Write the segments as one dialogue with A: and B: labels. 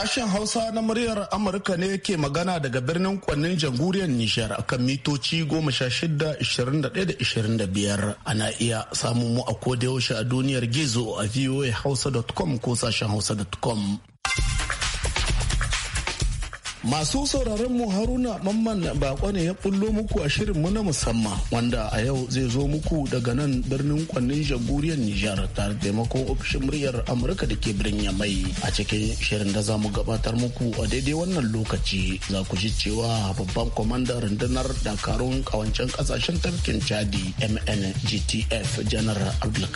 A: Sashen Hausa na muryar Amurka ne ke magana daga birnin kwannin jamhuriyar Nijar kan mitoci 16-21-25. Ana iya samun mu a kodayaushe a duniyar gizo a voahausa.com ko sashen hausa.com. Masu sauraron mu Haruna Mamman Bako ne ya bullo muku a shirin mu na musamman wanda a yau zai zo muku daga nan birnin kwannin jamhuriyar Nijar tare da taimakon ofishin muryar Amurka da ke birnin Yamai a cikin shirin da za mu gabatar muku a daidai wannan lokaci za ku ji cewa babban kwamandan rundunar dakarun kawancen kasashen tafkin Chadi MNGTF janar Abdul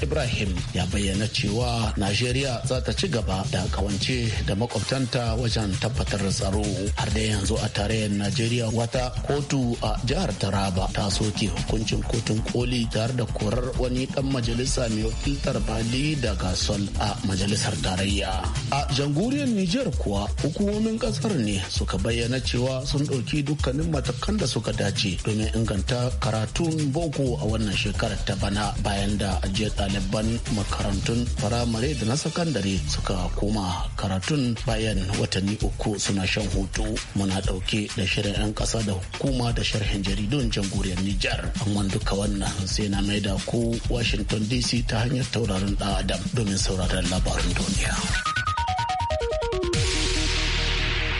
A: Ibrahim ya bayyana cewa Najeriya za ta ci gaba da kawance da makwabtanta wajen tabbatar da tsaro har da yanzu a tarayyar najeriya wata kotu a jihar taraba ta soke hukuncin kotun koli tare da korar wani dan majalisa mai wakiltar bali da sol a majalisar tarayya a janguriyar niger kuwa hukumomin kasar ne suka bayyana cewa sun ɗauki dukkanin matakan da suka dace domin inganta karatun boko a wannan shekarar ta bana bayan da ajiyar ɗaliban makarantun firamare da na sakandare suka koma karatun bayan watanni uku suna sashen hoto muna ɗauke da shirin 'yan ƙasa da hukuma da sharhin jaridun jamhuriyar Nijar. Amma duka wannan sai na maida ko Washington DC ta hanyar tauraron ɗan Adam domin sauraron labarin duniya.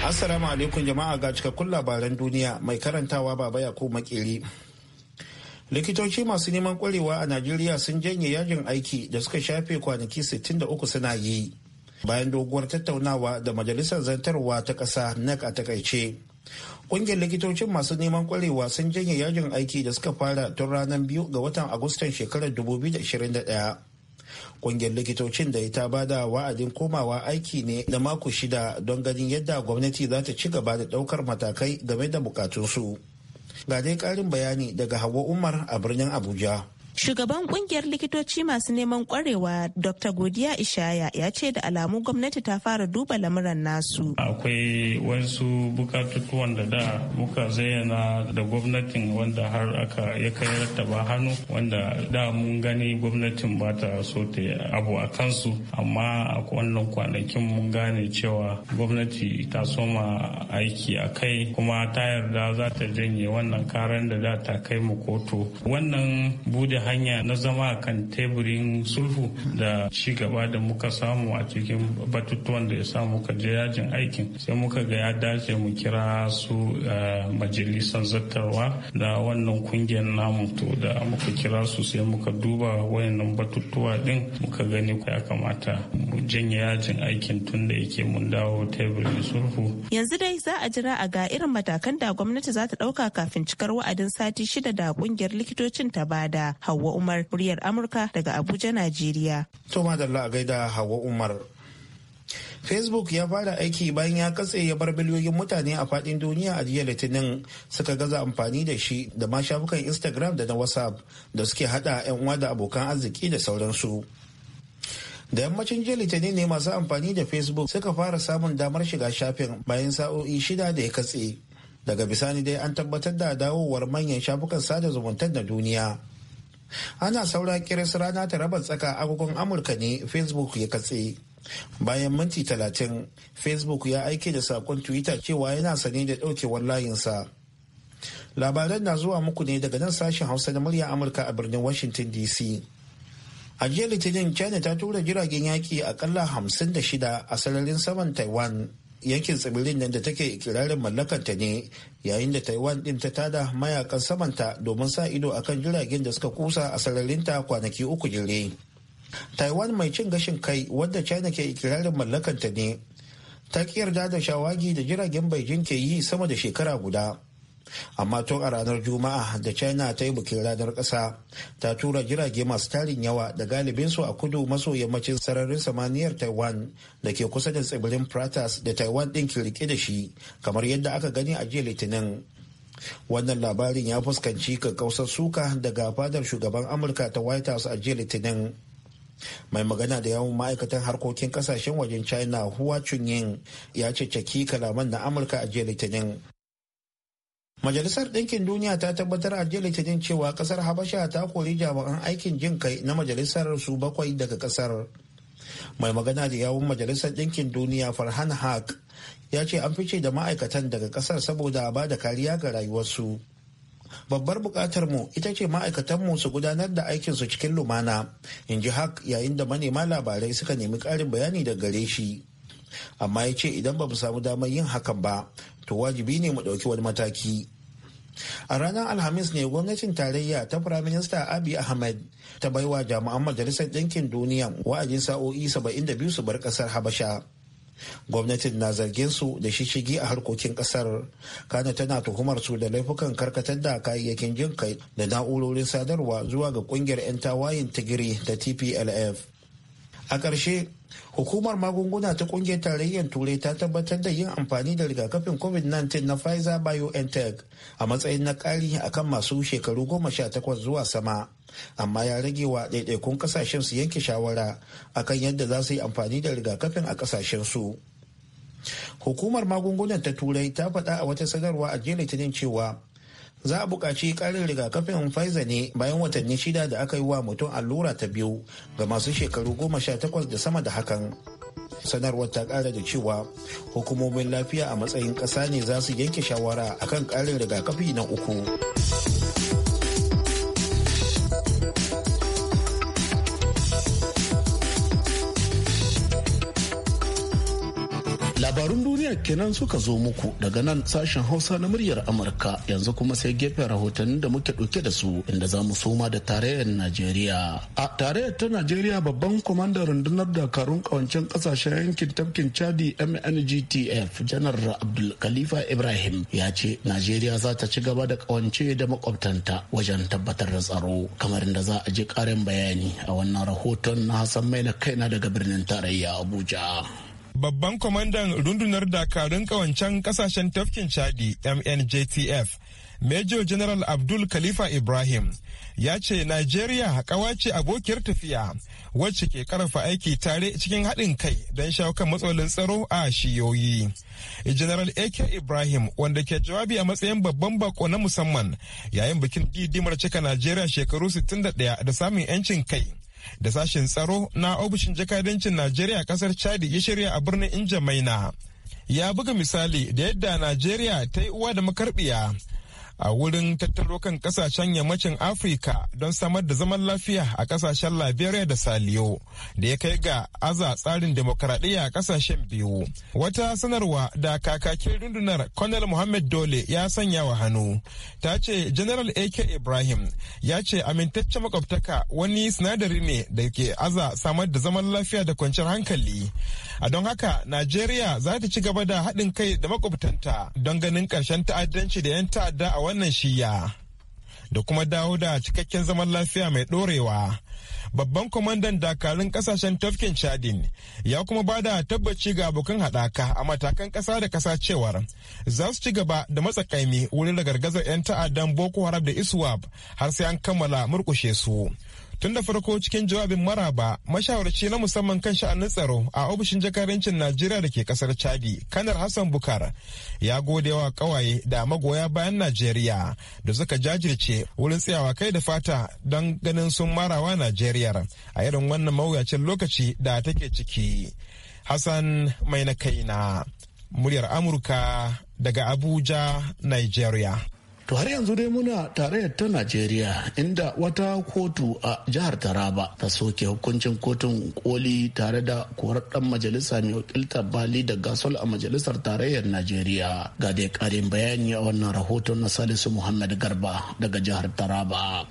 B: Assalamu alaikum jama'a ga cikakkun labaran duniya mai karantawa baba ya ko makeri. likitoci masu neman kwarewa a najeriya sun janye yajin aiki da suka shafe kwanaki 63 suna yi bayan doguwar tattaunawa da majalisar zantarwa ta ƙasa nec a takaice Ƙungiyar likitocin masu neman kwarewa sun janye yajin aiki da suka fara tun ranar biyu ga watan Agustan shekarar 2021. Ƙungiyar likitocin da ta ba da wa'adin komawa aiki ne da mako shida don ganin yadda gwamnati za ta ci gaba da ɗaukar matakai game da bukatunsu. Ga dai ƙarin bayani daga Hawa Umar a birnin Abuja.
C: Shugaban kungiyar likitoci masu neman kwarewa Dr. Godiya Ishaya ya ce da alamu gwamnati ta fara duba lamuran nasu.
D: Akwai wasu bukatutuwan da da muka zayyana da gwamnatin wanda har aka ya kai ba hannu wanda da mun gani gwamnatin ba ta so ta abu a kansu amma a wannan kwanakin mun gane cewa gwamnati ta soma aiki a kai kuma ta yarda za ta janye wannan karan da da ta kai mu kotu. Wannan bude hanya na zama kan teburin sulhu da ci gaba da muka samu a cikin batutuwan da ya sa muka je yajin aikin sai muka ga ya dace mu kira su eh, majalisar zattarwa da wannan kungiyar namu to da muka kira su sai muka duba wayannan batutuwa din muka gani ya kamata mu janye yajin aikin tun da yake mun dawo teburin sulhu
C: yanzu dai za a jira a ga irin matakan da gwamnati za ta dauka kafin cikar wa'adin sati shida da kungiyar likitocin ta bada Hauwa Umar muryar Amurka daga Abuja, Najeriya.
B: To madalla a gaida Hauwa Umar. facebook ya fara aiki bayan ya katse ya bar biliyoyin mutane a fadin duniya a jiya litinin suka gaza amfani da shi da ma shafukan instagram da na whatsapp da suke hada yan uwa da abokan arziki da sauransu da yammacin jiya litinin ne masu amfani da facebook suka fara samun damar shiga shafin bayan sa'o'i shida da ya katse daga bisani dai an tabbatar da dawowar manyan shafukan sada zumuntar da duniya ana saura kiris rana ta raba tsaka agogon amurka ne facebook ya katse bayan minti talatin facebook ya aike da sakon twitter cewa yana sane da daukewar layinsa labaran na zuwa muku ne daga nan sashen hausa na murya amurka a birnin washington dc a jiya litinin china ta tura jiragen yaki akalla 56 a sararin saman taiwan yankin tsibirin nan da take ikirarin mallakanta ne yayin da taiwan din ta tada mayakan samanta domin sa ido akan jiragen da suka kusa a sararinta kwanaki uku jere taiwan mai cin gashin kai wadda china ke ikirarin mallakanta ne ta kiyar yarda da shawagi da jiragen beijing ke yi sama da shekara guda amma tun a ranar juma'a da china ta yi bikin ranar ƙasa ta tura jirage masu tarin yawa da galibinsu a kudu maso yammacin sararin samaniyar taiwan da ke kusa da tsibirin pratas da taiwan ɗin kirki da shi kamar yadda aka gani a jiya litinin wannan labarin ya fuskanci kakkausar suka daga fadar shugaban amurka ta white house a jiya litinin mai magana da yawon ma'aikatan harkokin kasashen wajen china huwa chunyin ya ce kalaman na amurka a jiya litinin Majalisar Ɗinkin Duniya ta tabbatar a jiya Litinin cewa ƙasar Habasha ta kori jami'an aikin jin kai na majalisar su bakwai daga ƙasar. Mai magana da yawun Majalisar Ɗinkin Duniya Farhan Haq ya ce an fice da ma'aikatan daga ƙasar saboda ba da kariya ga rayuwarsu. Babbar buƙatar mu ita ce ma'aikatanmu su gudanar da aikinsu cikin lumana, in ji Haq yayin da manema labarai suka nemi ƙarin bayani daga gare shi. amma ya ce idan ba mu samu damar yin hakan ba to wajibi ne mu ɗauki wani mataki a ranar alhamis ne gwamnatin tarayya ta firaminista abi ahmed ta baiwa jami'an majalisar ɗinkin duniya wa'adin sa'o'i 72 su bar ƙasar habasha gwamnatin na zargin su da shishigi a harkokin kasar kana tana tuhumar su da laifukan karkatar da kayayyakin jin kai da na'urorin sadarwa zuwa ga kungiyar 'yan tawayin tigiri da tplf a ƙarshe hukumar magunguna ta ƙungiyar tarayyar turai ta tabbatar da yin amfani da rigakafin covid-19 na pfizer biontech a matsayin na ƙari akan masu shekaru goma sha takwas zuwa sama amma ya rage wa ɗaiɗaikun ƙasashen su yanke shawara akan yadda za su yi amfani da rigakafin a ƙasashen su hukumar magungunan ta turai ta faɗa a wata sanarwa a jiya litinin cewa za a buƙaci ƙarin rigakafin Pfizer ne bayan watanni shida da aka yi wa mutum allura ta biyu ga masu shekaru goma sha takwas da sama da hakan. Sanarwar ta ƙara da cewa hukumomin lafiya a matsayin ƙasa ne za su yanke shawara akan ƙarin rigakafi na uku.
A: Labarun duniya kenan suka zo muku daga nan sashen Hausa na muryar Amurka yanzu kuma sai gefen rahotannin da muke ɗauke da su inda za mu soma da tarayyar Najeriya. A tarayyar ta Najeriya babban kwamandan rundunar dakarun kawancen ƙasashen yankin tafkin Chadi MNGTF janar Abdul Khalifa Ibrahim ya ce Najeriya za ta ci gaba da kawance da makwabtanta wajen tabbatar da tsaro kamar da za a je
E: ƙarin bayani a wannan rahoton na Hassan na kaina daga birnin tarayya Abuja. babban kwamandan rundunar dakarun kawancen kasashen tafkin chadi mnjtf major general abdul khalifa ibrahim ya ce nigeria kawa ce abokiyar tafiya wacce ke karfa aiki tare cikin haɗin kai don shawo kan matsalolin tsaro a shiyoyi general ak ibrahim wanda ke jawabi a matsayin babban bako na musamman yayin bikin didimar cika nigeria shekaru 61 da samun 'yancin kai da sashen tsaro na ofishin jakadancin Najeriya kasar Chadi ya shirya a birnin Injamaina. Ya buga misali da yadda Najeriya ta yi uwa da makarbiya a wurin tattaro kan kasashen yammacin afirka don samar da zaman lafiya a kasashen liberia da saliyo da ya kai ga aza tsarin demokaradiyya a kasashen biyu wata sanarwa da kakakin rundunar colonel mohammed dole ya sanya wa hannu ta ce general ak ibrahim ya ce amintaccen makwabtaka wani sinadari ne da ke aza samar da zaman lafiya da kwanciyar hankali a don haka najeriya za ta ci gaba da haɗin kai da makwabtanta don ganin ƙarshen ta'addanci da 'yan ta'adda a wannan shiya da kuma dawo da cikakken zaman lafiya mai ɗorewa. Babban kwamandan dakarun kasashen tafkin Chadin ya kuma ba da tabbaci ga abokan haɗaka a matakan ƙasa da ƙasa cewar za su ci gaba da matsakaimi wurin da gargazar 'yan ta'addan Boko Haram da Iswap har sai an kammala murƙushe su. tun da farko cikin jawabin maraba mashawarci na musamman kan sha'anin tsaro a ofishin jakarancin najeriya da ke kasar chadi kanar hassan bukar ya gode wa kawaye da magoya bayan najeriya da suka jajirce wurin tsayawa kai da fata don ganin sun marawa najeriya a irin wannan mawuyacin lokaci da take ciki hassan mai na kaina muryar amurka daga abuja nigeria To har yanzu dai muna tarayyar ta
A: Najeriya
E: inda wata kotu a
A: jihar Taraba ta soke hukuncin kotun koli tare da korar dan majalisa mai wakiltar Bali da Gasol a majalisar tarayyar Najeriya. Ga dai karin bayani a wannan rahoton na Salisu Muhammad Garba daga jihar Taraba.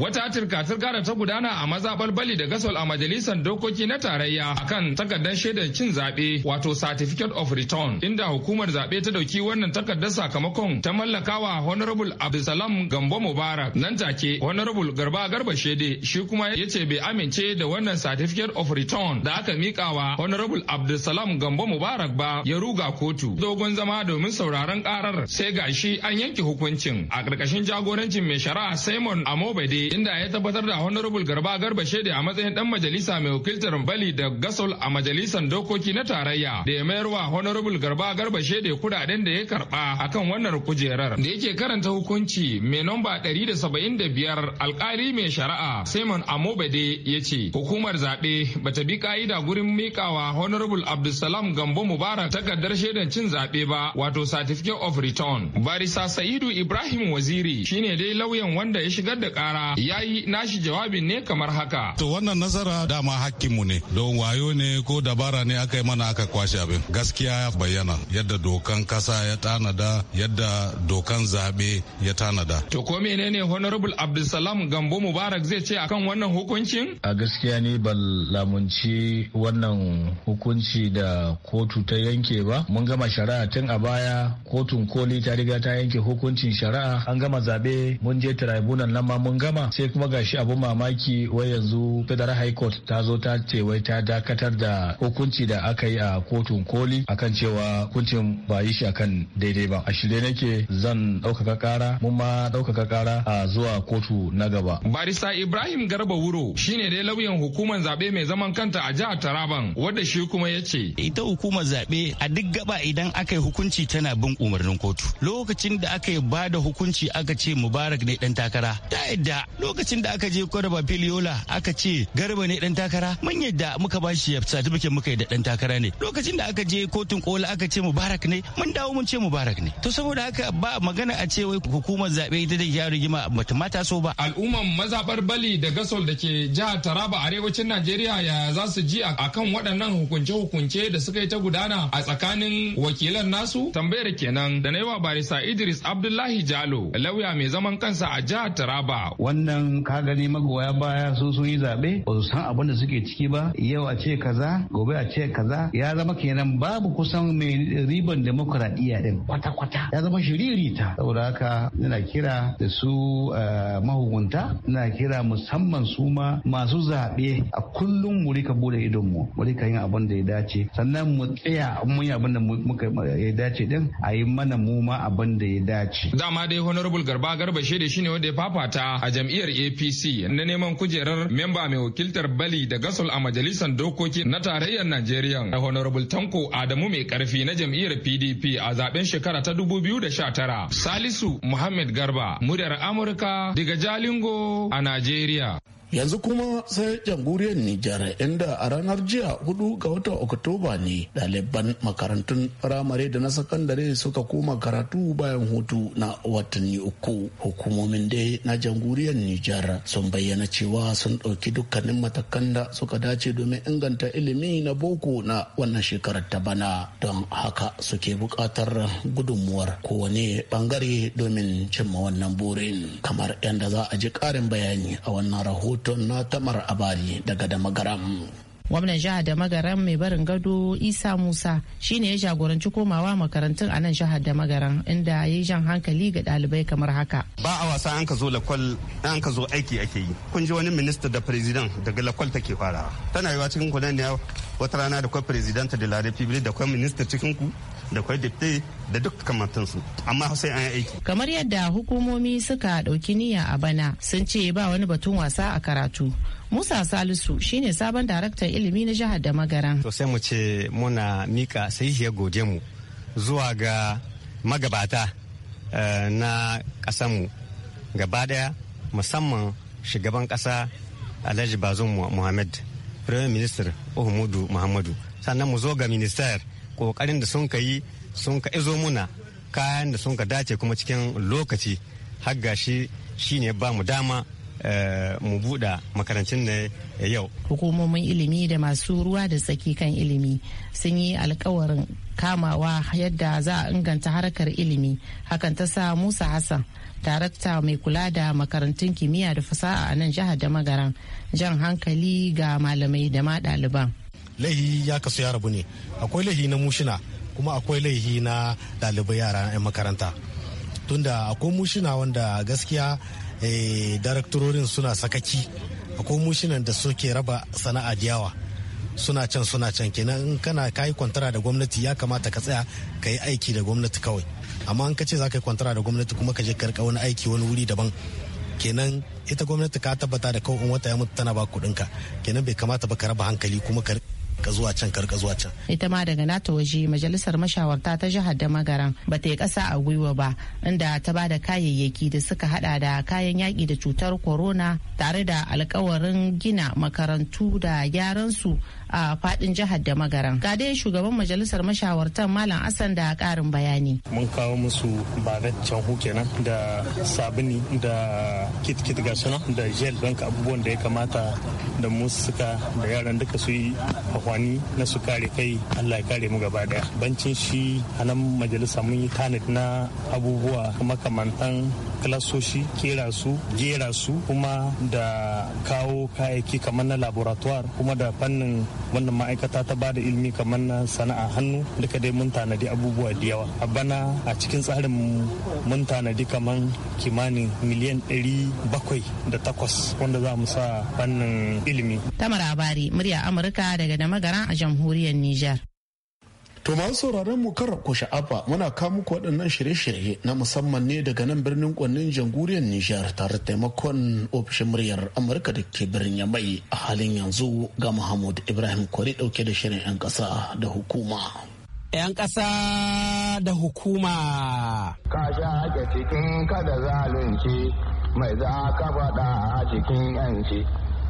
F: Wata turka-turka da ta gudana a mazaɓar Bali da Gasol a majalisar dokoki na tarayya akan takardar shaidar cin zaɓe wato Certificate of Return inda hukumar zaɓe ta dauki wannan takardar sakamakon ta mallakawa Honorable Abdulsalam Gambo Mubarak nan take Honorable Garba Garba Shede shi kuma ya ce bai amince da wannan Certificate of Return da aka miƙawa Honorable Abdulsalam Gambo Mubarak ba ya ruga kotu dogon zama domin sauraron karar sai gashi an yanke hukuncin a ƙarƙashin jagorancin mai shari'a Simon Amobade inda ya tabbatar da honorable garba garba shede a matsayin dan majalisa mai wakiltar bali da gasol a majalisar dokoki na tarayya da ya mayarwa honorable garba garba shede kudaden da ya karba akan wannan kujerar da yake karanta hukunci mai nomba biyar alkali mai shari'a simon amobade ya ce hukumar zaɓe bata bi ka'ida gurin mikawa honorable abdulsalam gambo mubarak takardar shaidan cin zaɓe ba wato certificate of return barisa sa'idu ibrahim waziri shine dai lauyan wanda ya shigar da kara yayi ya yi nashi jawabi ne kamar haka.
D: To wannan nasara dama hakkinmu ne don wayo ne ko dabara ne aka yi mana aka kwashe abin. Gaskiya ya bayyana yadda dokan kasa ya tanada yadda dokan
F: zaɓe ya tanada. To ko menene Honorable Abdulsalam Gambo Mubarak zai ce akan wannan hukuncin?
G: A gaskiya ne ban lamunci wannan hukunci da kotu ta yanke ba. Mun gama shari'a tun a baya kotun koli ta riga ta yanke hukuncin shari'a an gama zaɓe mun je tribunal nan ma mun gama sai kuma gashi abun mamaki wai yanzu federal high court ta zo ta ce wai ta dakatar da hukunci da aka yi a kotun koli akan cewa hukuncin ba yi shi akan daidai ba a shirye nake zan ɗaukaka kara mun ma ɗaukaka kara a zuwa kotu na gaba.
F: barista ibrahim garba wuro shine dai lauyan hukumar zaɓe mai zaman kanta a jihar taraban wadda shi kuma ya ce. ita
G: hukumar zaɓe a duk gaba idan aka yi hukunci tana bin umarnin kotu lokacin da aka yi ba da hukunci aka ce mubarak ne dan takara ta yadda lokacin da aka je kwaraba filiola aka ce garba ne dan takara mun yadda muka ba shi certificate muka yi da dan takara ne lokacin da aka je kotun kola aka ce mubarak ne mun dawo mun ce mubarak ne to saboda haka ba magana a ce wai hukumar zabe ita da ya rigima mata mata so ba
F: al'umman mazabar bali da gasol da ke jihar taraba arewacin najeriya ya za su ji akan waɗannan hukunce-hukunce da suka yi ta gudana a tsakanin wakilan nasu tambayar kenan da na yi wa barisa idris abdullahi jalo lauya mai zaman kansa a jihar taraba
D: wannan ka gani magoya baya su sun yi zaɓe ba su san abin da suke ciki ba yau a ce kaza gobe a ce kaza ya zama
G: kenan babu kusan mai riban demokuraɗiyya din kwata-kwata ya zama shiririta
D: saboda haka ina kira da su eh, mahukunta ina kira musamman su ma masu zaɓe a kullum mu rika bude idon mu mu rika yin abin da ya dace sannan mu tsaya mun yi abin da muka ya dace din a yi mana mu ma abin da ya dace
F: dama dai honorable garba garba shede shine wanda ya fafata a jam'iyyar apc na neman kujerar memba mai wakiltar bali da gasol a majalisar dokoki na tarayyar najeriya da honorable tanko adamu mai karfi na jam'iyyar pdp a zaben shekara ta dubu biyu da sha tara? salisu muhammad garba muryar amurka daga jalingo a najeriya yanzu
A: kuma sai jamhuriyar nijar inda a ranar jiya hudu ga watan oktoba ne ɗaliban makarantun firamare da na sakandare suka koma karatu bayan hutu na watanni uku hukumomin dai na jamhuriyar nijar sun bayyana cewa sun ɗauki dukkanin matakan da suka dace domin inganta ilimi na boko na wannan shekarar ta bana don haka suke buƙatar gudunmuwar kowane bangare domin cimma wannan burin kamar yadda za a ji ƙarin bayani a wannan rahoton. rahoton na tamar abari daga damagaram
C: gwamnan jihar da magaran mai barin gado isa musa shi ne ya jagoranci komawa makarantun a nan jihar da magaran inda ya yi jan hankali ga dalibai kamar haka
H: ba a wasa an ka zo lakwal an ka zo aiki ake yi kun ji wani minista da president daga lakwal take fara tana yiwa cikin kunan ne wata rana da kwai president da la republic da kwai minister cikin da kwai deputy da duk kamatansu amma sai an yi aiki
C: kamar yadda hukumomi suka dauki niyya a bana sun ce ba wani batun wasa a karatu Musa Salisu shine sabon daraktan ilimi na jihar da magaran.
H: To sai mu ce muna mika sahihiyar goje mu zuwa ga magabata eh, na mu gaba daya musamman shugaban ƙasa Alhaji Bazum Muhammad prime minister uhumudu muhammadu sannan mu zo ga minister kokarin da sun ka yi sun ka izo muna kayan da sun ka dace kuma cikin lokaci har gashi shine ba mu dama Eh, mu buɗa makarantun ne eh, yau.
C: Hukumomin ilimi da masu ruwa da tsaki kan ilimi sun yi alkawarin kamawa yadda za a inganta harkar ilimi hakan ta sa Musa Hassan darakta mai kula da makarantun kimiyya da fasaha a nan jihar da magaran jan hankali ga malamai da ma ɗaliban.
A: Laihi ya kasu ya rabu ne akwai laihi na mushina kuma akwai laihi na ɗalibai yara 'yan makaranta tunda akwai mushina wanda gaskiya Eh, daraktorin suna sakaki akwai mushinan da suke raba sana'a da yawa suna can suna can kenan in kana yi kwantara da gwamnati ya kamata ka tsaya ka yi aiki da gwamnati kawai amma in ka ce za ka yi kwantara da gwamnati kuma ka je ka wani aiki wani wuri daban kenan ita gwamnati ka tabbata da kawai in wata ya mutu tana ba kuɗinka kenan bai kamata ba ka raba hankali kuma ka ka zuwa can ka zuwa can
C: ita ma daga nata waje majalisar mashawarta ta jihar da magaran ba ta yi kasa a gwiwa ba inda ta ba da kayayyaki da suka hada da kayan yaki da cutar corona tare da alkawarin gina makarantu da gyaran su a fadin jihar da magaran ga dai shugaban majalisar mashawarta malam asan da karin bayani
A: mun kawo musu banaccen kenan da sabuni da kit-kit ga da gel don abubuwan da ya kamata da musuka da yaran duka su yi amfani na su kare kai allah ya kare mu gaba daya bancin shi a nan majalisa mun yi tanadi na abubuwa makamantan klasoshi kera su gera su kuma da kawo kayayyaki kamar na laboratoire kuma da fannin wannan ma'aikata ta ba da ilimi kamar na sana'a hannu duka dai mun tanadi abubuwa da yawa a bana a cikin tsarin mun tanadi kamar kimanin miliyan ɗari bakwai da takwas wanda za mu sa fannin ilimi
C: tamara bari murya amurka daga da magaran a jamhuriyar Nijar.
A: To masu sauraron mu kar ku sha'afa muna kawo muku waɗannan shirye-shirye na musamman ne daga nan birnin kwannin jamhuriyar Nijar tare da taimakon ofishin muryar Amurka da ke birnin Yamai a halin yanzu ga Muhammad Ibrahim Kwari ɗauke da shirin 'yan ƙasa da hukuma.
I: 'Yan ƙasa da hukuma. Ka sha ake cikin kada zalunci mai za ka faɗa a cikin 'yanci.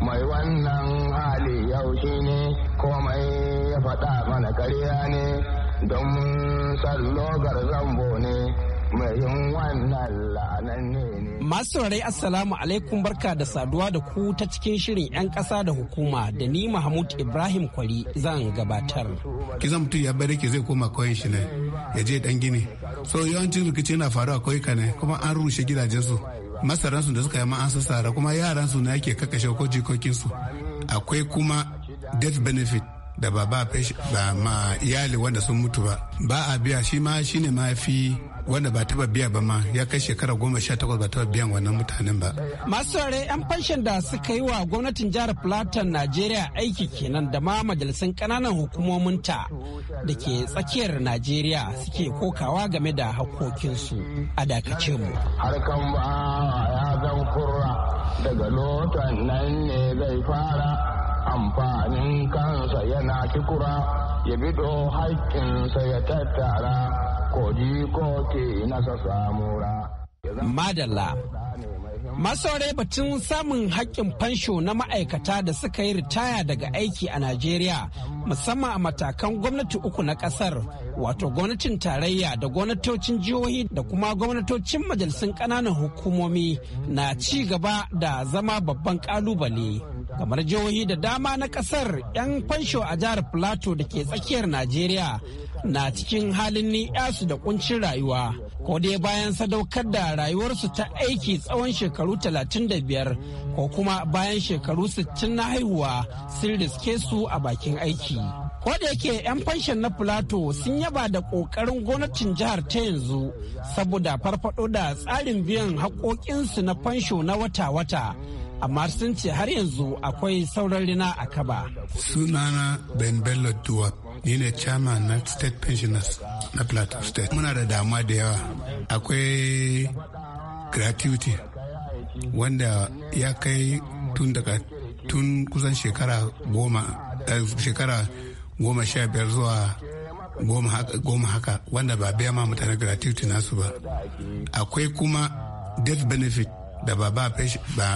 I: mai wannan hali yau shi ne komai ya faɗa mana karya ne don sallo zambo ne mai wannan
J: ne. Masu saurari Assalamu alaikum barka da saduwa da ku ta cikin shirin 'yan
D: ƙasa da hukuma da ni Mahmud Ibrahim Kwari zan gabatar. zan mutum ya bari ki zai koma koyin shi ne ya je dan gini. So yawancin rikici na faruwa koyuka ne kuma an rushe gidajensu. masaransu da suka yi ma an sassara kuma yaransu na yake kakashe ko jikokinsu akwai kuma death benefit da ba ba ma iyali wanda sun mutu ba ba a biya shi ma shine ma fi wanda ba taba biya ba ma ya kai shekara goma sha takwas ba taba biyan wannan mutanen ba.
J: Masu saurare 'yan fanshin da suka yi wa gwamnatin jihar Plateau Najeriya aiki kenan da ma majalisun ƙananan ta da ke tsakiyar Najeriya suke kokawa game da hakokinsu a dakace mu.
I: Harkan ba ya zan kurra daga lotan nan ne zai fara amfanin kansa yana kikura ya bido haƙƙinsa ya tattara koji ko ke nasa samura.
J: Madalla Masaure batun samun haƙƙin fansho na ma'aikata da suka yi ritaya daga aiki a Najeriya musamman a matakan gwamnati uku na ƙasar wato gwamnatin tarayya da gwamnatocin jihohi da kuma gwamnatocin majalisun ƙananan hukumomi na ci gaba da zama babban ƙalubale. kamar jihohi da dama na kasar 'yan fansho a jihar plateau da ke tsakiyar najeriya na cikin halin ni'yasu da kuncin rayuwa ko dai bayan sadaukar da rayuwarsu ta aiki tsawon shekaru 35 ko kuma bayan shekaru 60 na haihuwa sun riske su a bakin aiki ko da yake 'yan fanshin na plato sun yaba da kokarin gwamnatin jihar ta yanzu saboda farfado da tsarin biyan haƙoƙinsu na fansho na wata-wata amma sun ce har yanzu akwai
D: sauran rina a kaba. Sunana Ben Bello Duwa, ni ne chairman na State Pensioners na Plateau State. Muna da damuwa da yawa. Akwai gratuity wanda ya kai tun daga tun kusan shekara goma eh, shekara goma sha biyar zuwa goma haka wanda ba biya ma mutane gratuity nasu ba akwai kuma death benefit da ba ba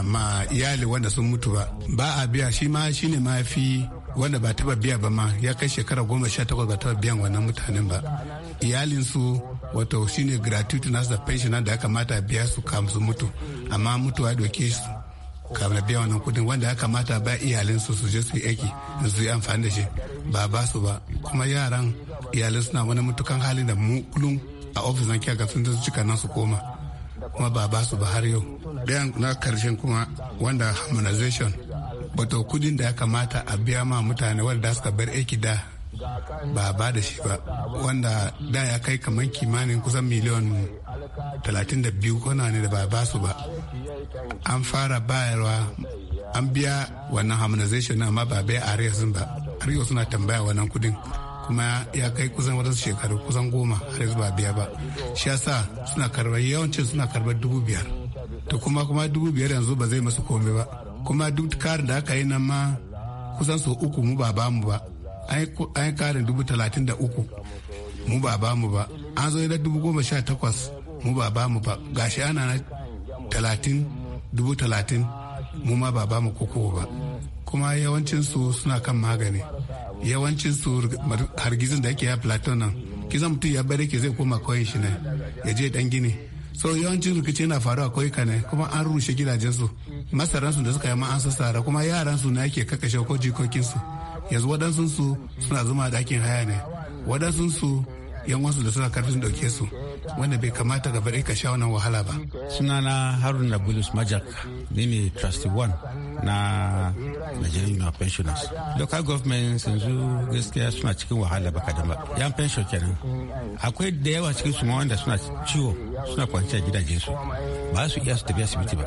D: ma iyali wanda sun mutu ba ba a biya shi ma shine ma fi wanda ba taba biya ba ma ya kai shekara goma sha takwas ba taba biyan wannan mutanen ba su wato shine gratuity nasu da pension da ya kamata biya su kam su mutu amma mutuwa doke su kamar biya wannan kudin wanda ya kamata ba iyalinsu su je su yi aiki su yi amfani da shi ba ba su ba kuma yaran iyalin suna wani mutukan halin da mu a ofis na kyaga sun cika nan su koma kuma ba ba su ba har yau ɗayan na karshen kuma wanda harmonization wato kudin da ya kamata a biya ma mutane wanda suka bar aiki da ba ba da shi ba wanda da ya kai kamar kimanin kusan miliyan 32 kwana ne da ba ba su ba an fara bayarwa an biya wannan harmonization amma ba bai arias ba har yau suna tambaya wannan kudin kuma ya kai kusan wadansu shekaru kusan goma har yanzu ba biya ba shi yasa suna karbar yawancin suna karbar dubu biyar to kuma kuma dubu biyar yanzu ba zai masu komai ba kuma duk karin da aka yi nan ma kusan su uku mu ba bamu ba an yi karin dubu talatin da uku mu ba bamu ba an zo da dubu goma sha takwas mu ba bamu ba gashi ana na talatin dubu talatin mu ma ba bamu koko ba kuma yawancin su suna kan magani yawancin su hargizin da yake ya plateau nan kisan mutum ya bare ke zai koma kauyen shi ne ya je dan gini so yawancin rikici yana faruwa kauyuka ne kuma an rushe gidajen su su da suka yi ma an sassara kuma yaran su ne ake kakashe ko jikokinsu su yanzu waɗansu su suna zuma dakin haya ne waɗansu su yan wasu da suna karfin ɗauke su wanda bai kamata ga bare ka sha wannan wahala ba sunana haruna bulus majak ni ne trustee one na
H: Nigerian Union of Pensioners. Local government governments yanzu gaskiya suna cikin wahala baka da ba. Yan pension kenan. Akwai da yawa cikin su wanda suna ciwo suna kwanciya gidajen su. Ba su iya su tafi asibiti ba.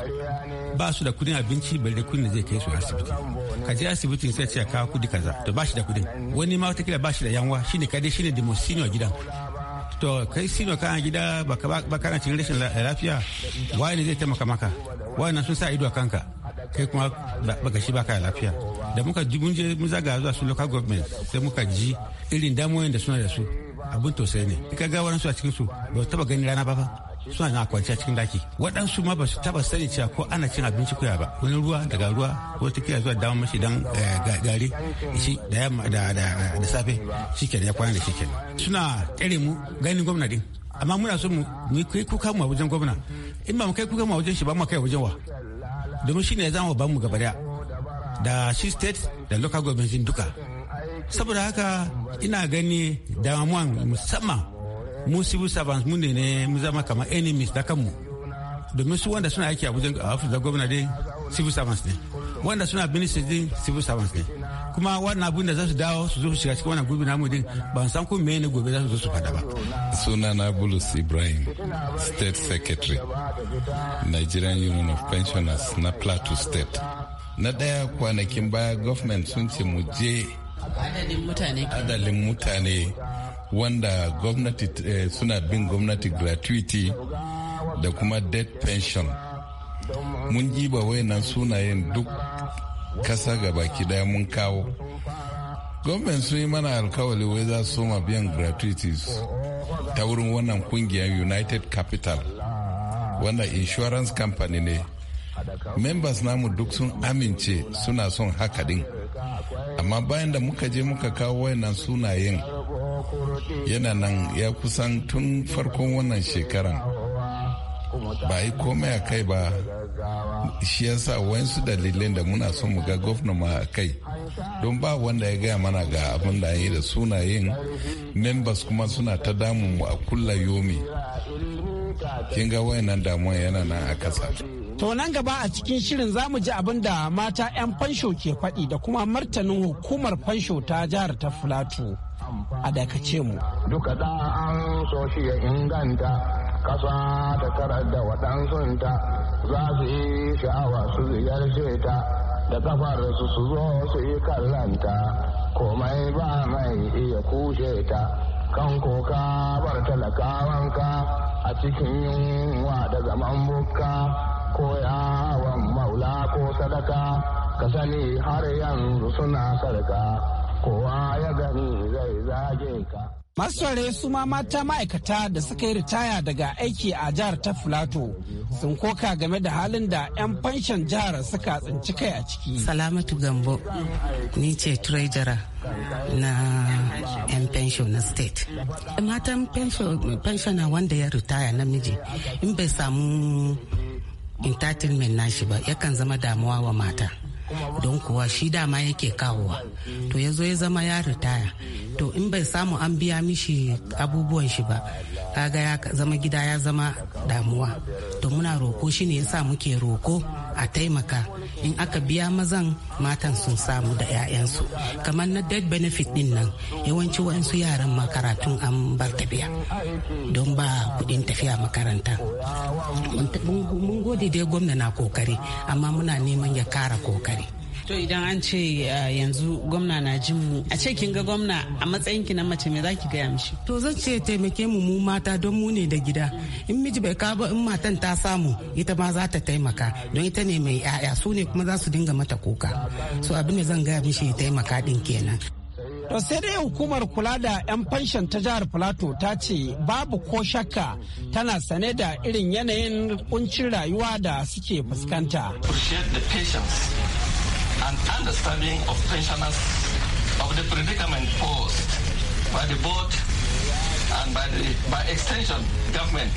H: Ba su da kudin abinci balle kudin da zai kai su asibiti. Ka je asibitin sai ce ka kudi kaza to ba shi da kudin. Wani ma wata ba shi da yanwa shine kadai shine da most senior gidan. to kai sino kana gida ba kana cikin rashin lafiya ne zai taimaka maka na sun sa ido a kanka kai kuma baka shi baka lafiya da muka ji mun je mun zaga zuwa su local government sai muka ji irin damuwoyin da suna da su abin tausayi ne ka ga waransu a cikin su ba taba gani rana ba fa suna na kwanciya cikin daki waɗansu ma ba su taba sani cewa ko ana cin abinci kuya ba wani ruwa daga ruwa ko ta kira zuwa dawo mashi dan eh, gari shi da yamma da da safe ke ya kwana da shikenan suna tsare mu ganin gwamna din amma muna so mu kai kuka mu a wajen gwamna in ba mu kai kuka mu a wajen shi ba mu kai wajen wa domin ne ya zama ban mu gaba daya da shi state da local government duka saboda haka ina gani damuwan musamman mu civil servants mu ne ne mu zama kamar enemies da kanmu domin su wanda suna aiki a wajen da gwamna dai civil servants ne wanda suna ministry din civil servants ne kuma wannan abin da za su dawo su zo su shiga cikin wannan gurbi namu din ban san ko ne gobe za su zo su fada ba
K: sunana bulus ibrahim state secretary nigerian union of pensioners na plateau state na daya kwanakin baya government sun ce mu je
L: mutane adalin
K: mutane wanda gwamnati eh, suna bin gwamnati gratuity da kuma debt pension mun jiba wayannan sunayen duk kasa baki daya mun kawo gwamnan sun yi mana alkawali wai za su soma biyan gratuities ta wurin wannan kungiyar united capital wanda insurance company ne members namu duk sun amince suna son haka din amma bayan da muka je muka kawo wayannan sunayen yana nan ya kusan tun farkon wannan shekaran ba yi komai a kai ba shi ya yasa wayansu dalilin da muna son mu ga gwamna ma a kai don ba wanda ya gaya mana ga abin da yi da sunayen members kuma suna ta damun mu a kulla yomi kin ga wayannan damuwa yana nan a kasa
J: To nan gaba a cikin shirin za mu ji abin da mata 'yan fansho ke faɗi da kuma martanin hukumar fansho ta jihar ta Filato. A dakace mu.
I: Duka da an so shi ya inganta kasa ta karar da waɗansunta za su yi sha'awa su ziyarce ta da kafar su su zo su yi kallanta komai ba mai iya kushe ta. kan koka bar talakawanka a cikin yunwa da zaman bukka ko yawon maula ko sadaka ka sani har yanzu suna sarka kowa ya gani zai zage ka
J: masu su ma mata ma'aikata da suka yi ritaya daga aiki a jihar ta filato sun koka game da halin da 'yan fanshan jihar suka tsinci kai a ciki salamatu gambo
L: ni ce treasurer na 'yan fenshon na state matan fenshona wanda ya ritaya namiji in bai samu entitlement nashi ba yakan zama damuwa wa mata don kuwa shi dama yake kawowa to ya zo ya zama ya ritaya to in bai samu an biya mishi abubuwan shi ba kaga ya zama gida ya zama damuwa to muna roko shi ne yasa muke roko a taimaka in aka biya mazan matan sun samu da 'ya'yansu kamar na dead benefit din nan yawanci wa'ansu yaran makaratun an bar tafiya don ba kudin tafiya makaranta mun gode dai gwamna na kokari amma muna neman ya kara kokari to idan an ce eh, yanzu gwamna na jin mu a ce kin ga gwamna a matsayin ki na mace me zaki gaya mishi to zan ce taimake mu mu mata don mu ne da gida in miji bai kawo in matan ta samu ita ma za ta taimaka don ita ne mai 'ya'ya su ne kuma za su dinga mata kuka so abin da zan gaya mishi taimaka din kenan To sai dai hukumar kula da 'yan fanshan ta
J: jihar Filato ta ce babu ko shakka tana sane da irin yanayin kuncin rayuwa da suke fuskanta.
G: an understanding of pensioners of the predicament posed by the board and by, the, by extension government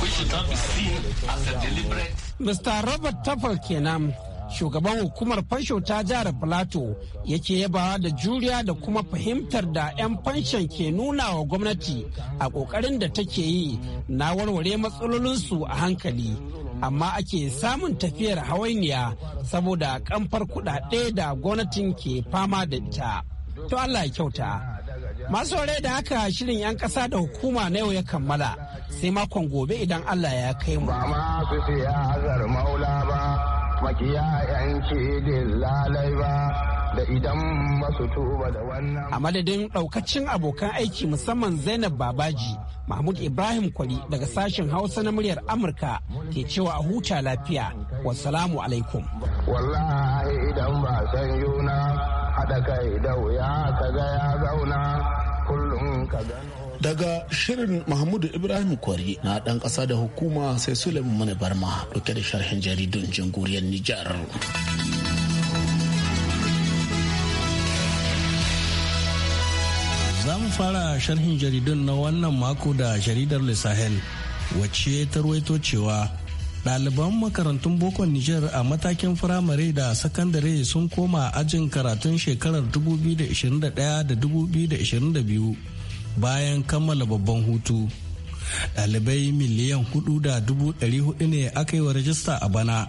G: which should not be seen as a deliberate
J: Mr. Robert Tafel kenan shugaban hukumar fansho ta jihar Plateau yake yabawa da juriya da kuma fahimtar da 'yan fanshon ke nuna wa gwamnati a kokarin da take yi na warware matsalolinsu a hankali. amma ake samun tafiyar hawainiya saboda kamfar kudade da gwamnatin ke fama da ita to allah ya kyauta masu rai da haka shirin 'yan kasa da hukuma na yau ya kammala sai makon gobe idan allah ya kai mu
I: makiya yanci lalai ba da idan masu tuba da wannan.
J: A madadin ɗaukacin abokan aiki musamman Zainab Babaji, Mahmud Ibrahim Kwali daga sashen Hausa na muryar Amurka ke cewa a huta lafiya. Wassalamu alaikum.
I: Wallahi idan ba san haɗa kai da wuya ya zauna kullum ka gano.
A: daga shirin mahmudu ibrahim kwari na ɗan ƙasa da hukuma sai suleiman mana barma ɗauke da sharhin jaridun jamhuriyar nijar.
G: fara sharhin jaridun na wannan mako da jaridar Lissahel wace wacce ta ruwaito cewa ɗaliban makarantun bokon Nijar a matakin firamare da sakandare sun koma ajin karatun shekarar 2021 da 2022 bayan kammala babban hutu. Ɗalibai miliyan hudu da dubu ɗari hudu ne aka yi wa rajista a bana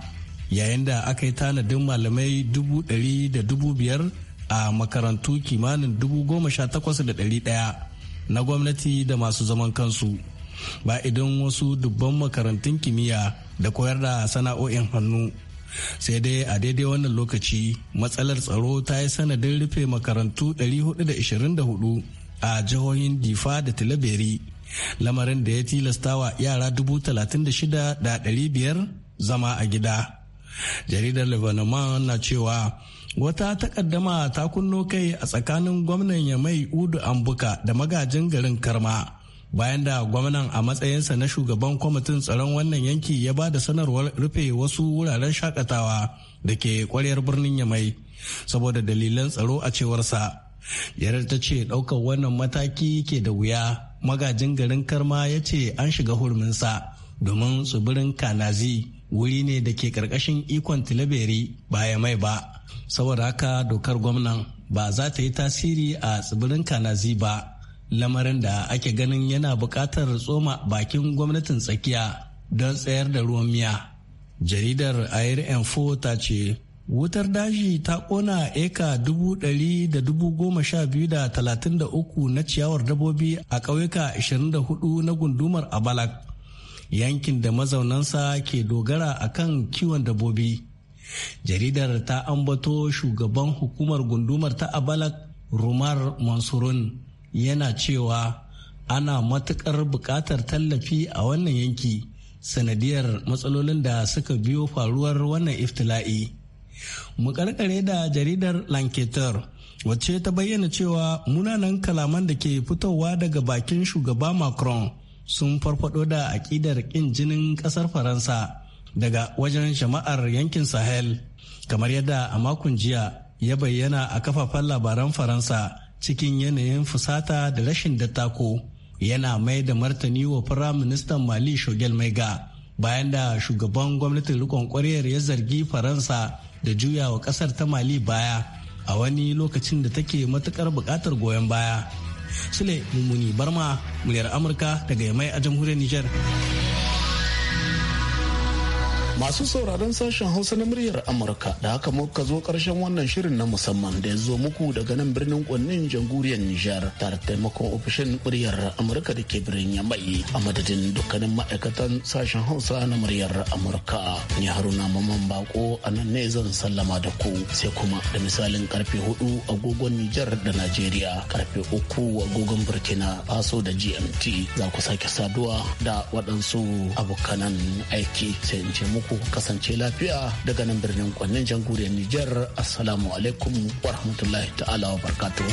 G: yayin da aka yi tanadin malamai dubu ɗari da dubu biyar a makarantu kimanin 18,100 na gwamnati da masu zaman kansu ba idan wasu dubban makarantun kimiyya da koyar da sana'o'in hannu sai dai a daidai wannan lokaci matsalar tsaro ta yi sanadin rufe makarantu 424 a jihohin difa da tilaberi lamarin da ya tilasta wa yara 36,500 zama a gida jaridar lebanon na cewa Wata takaddama ta kunno kai a tsakanin gwamnan Yamai Udu Ambuka da magajin garin Karma. Bayan da gwamnan a matsayinsa na shugaban kwamitin tsaron wannan yanki ya ba da sanarwar rufe wasu wuraren shakatawa da ke kwaryar birnin Yamai saboda dalilan tsaro a cewarsa. Yarar ta ce ɗaukar wannan mataki ke da wuya magajin garin Karma ya ce an shiga hurminsa domin tsibirin Kanazi wuri ne da ke ƙarƙashin ikon Tilaberi ba ya mai ba. saboda haka dokar gwamnan ba za ta yi tasiri a tsibirin kanazi ba lamarin da ake ganin yana buƙatar tsoma bakin gwamnatin tsakiya don tsayar da ruwan miya jaridar air info ta ce wutar daji ta kona eka dubu ɗari da dubu goma sha biyu da talatin da uku na ciyawar dabobi a ƙauyuka hudu na gundumar abalak yankin da mazaunansa ke dogara akan kiwon dabobi jaridar ta ambato shugaban hukumar gundumar ta abalak rumar mansurun yana cewa ana matukar buƙatar tallafi a wannan yanki sanadiyar matsalolin da suka biyo faruwar wannan iftila'i mu da jaridar lanketer wacce ta bayyana cewa munanan kalaman da ke fitowa daga bakin shugaba macron sun farfado da aƙidar ƙin jinin ƙasar faransa daga wajen jama'ar yankin Sahel, kamar yadda a makon jiya ya bayyana a kafafen labaran Faransa cikin yanayin fusata da rashin dattako. yana mai da martani wa firaministan mali shogel maiga bayan da shugaban gwamnatin rikon kwaryar ya zargi faransa da juya wa kasar ta mali baya a wani lokacin da take matukar bukatar goyon baya sule mummuni barma muryar amurka daga yamai a jamhuriyar niger
A: Masu sauraron sashen Hausa na muryar Amurka da haka muka zo karshen wannan shirin na musamman da ya zo muku daga nan birnin kwannin jamhuriyar Nijar tare da taimakon ofishin muryar Amurka da ke birnin Yamai a madadin dukkanin ma'aikatan sashen Hausa na muryar Amurka. Ni Haruna Maman Bako a nan ne zan sallama da ku sai kuma da misalin karfe hudu agogon Nijar da Najeriya karfe uku agogon Burkina Faso da GMT za ku sake saduwa da waɗansu abokanan aiki sai in ce muku ku kasance lafiya daga nan birnin kwanan jamhuriyar Nijar. Assalamu alaikum wa rahmatullahi ta'ala wa barkatu.